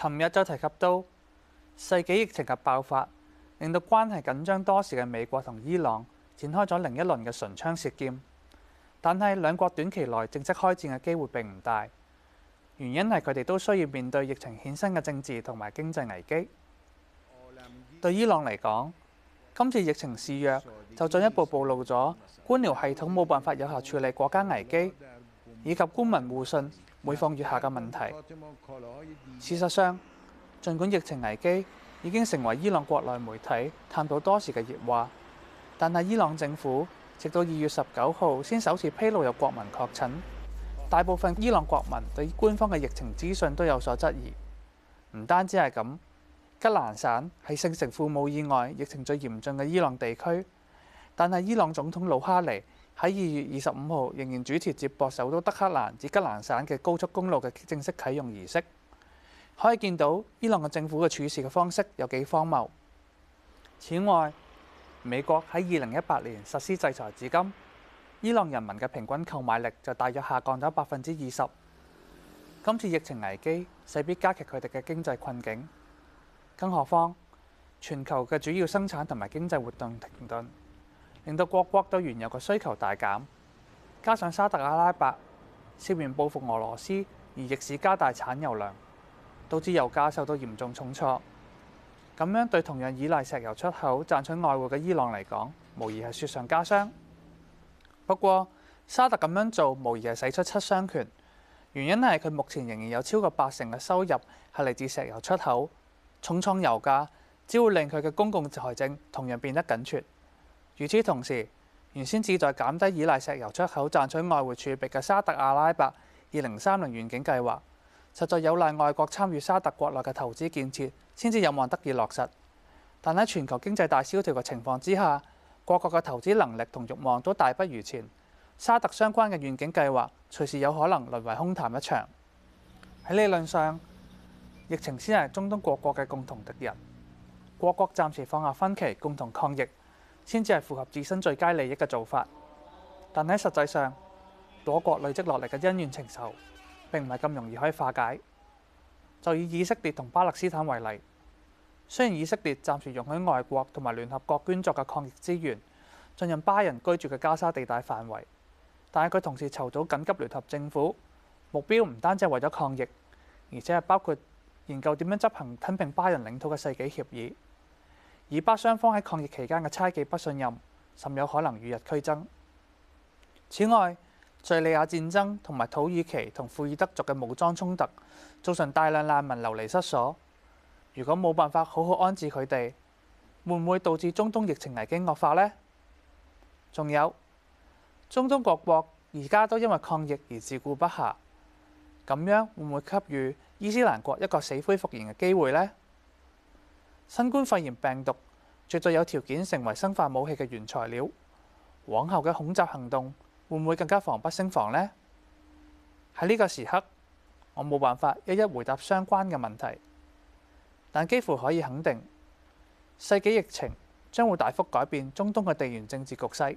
昨日就提及到，世紀疫情嘅爆發令到關係緊張多時嘅美國同伊朗展開咗另一輪嘅唇槍舌劍，但係兩國短期內正式開戰嘅機會並唔大，原因係佢哋都需要面對疫情衍生嘅政治同埋經濟危機。對伊朗嚟講，今次疫情肆虐就進一步暴露咗官僚系統冇辦法有效處理國家危機，以及官民互信每況愈下嘅問題，事實上，儘管疫情危機已經成為伊朗國內媒體探討多時嘅熱話，但係伊朗政府直到二月十九號先首次披露有國民確診。大部分伊朗國民對官方嘅疫情資訊都有所質疑。唔單止係咁，吉蘭省係聖城父母以外疫情最嚴峻嘅伊朗地區，但係伊朗總統魯哈尼，喺二月二十五號，仍然主持接駁首都德黑蘭至吉蘭省嘅高速公路嘅正式啟用儀式，可以見到伊朗嘅政府嘅處事嘅方式有幾荒謬。此外，美國喺二零一八年實施制裁至今，伊朗人民嘅平均購買力就大約下降咗百分之二十。今次疫情危機勢必加劇佢哋嘅經濟困境，更何況全球嘅主要生產同埋經濟活動停頓。令到各國對原油嘅需求大減，加上沙特阿拉伯試圖報復俄羅斯而逆市加大產油量，導致油價受到嚴重重挫，挫。咁樣對同樣依賴石油出口賺取外匯嘅伊朗嚟講，無疑係雪上加霜。不過沙特咁樣做無疑係使出七傷拳，原因係佢目前仍然有超過八成嘅收入係嚟自石油出口，重創油價只會令佢嘅公共財政同樣變得緊缺。與此同時，原先旨在減低依賴石油出口賺取外匯儲備嘅沙特阿拉伯二零三零願景計劃，實在有賴外國參與沙特國內嘅投資建設，先至有望得以落實。但喺全球經濟大蕭條嘅情況之下，各國嘅投資能力同欲望都大不如前，沙特相關嘅願景計劃隨時有可能淪為空談一場。喺理論上，疫情先係中東各國嘅共同敵人，各國暫時放下分歧，共同抗疫，先至係符合自身最佳利益嘅做法，但喺實際上，兩國累積落嚟嘅恩怨情仇並唔係咁容易可以化解。就以以色列同巴勒斯坦為例，雖然以色列暫時容許外國同埋聯合國捐助嘅抗疫資源進入巴人居住嘅加沙地帶範圍，但係佢同時籌組緊急聯合政府，目標唔單止係為咗抗疫，而且係包括研究點樣執行吞併巴人領土嘅世紀協議。以巴雙方喺抗疫期間嘅猜忌、不信任，甚有可能與日俱增。此外，敍利亞戰爭同埋土耳其同庫爾德族嘅武裝衝突，造成大量難民流離失所。如果冇辦法好好安置佢哋，會唔會導致中東疫情危機惡化呢？仲有，中東各國而家都因為抗疫而自顧不暇，咁樣會唔會給予伊斯蘭國一個死灰復燃嘅機會呢？新冠肺炎病毒，絕對有條件成為生化武器嘅原材料。往後嘅恐襲行動，會唔會更加防不勝防呢？喺呢個時刻，我冇辦法一一回答相關嘅問題，但幾乎可以肯定，世紀疫情將會大幅改變中東嘅地緣政治局勢。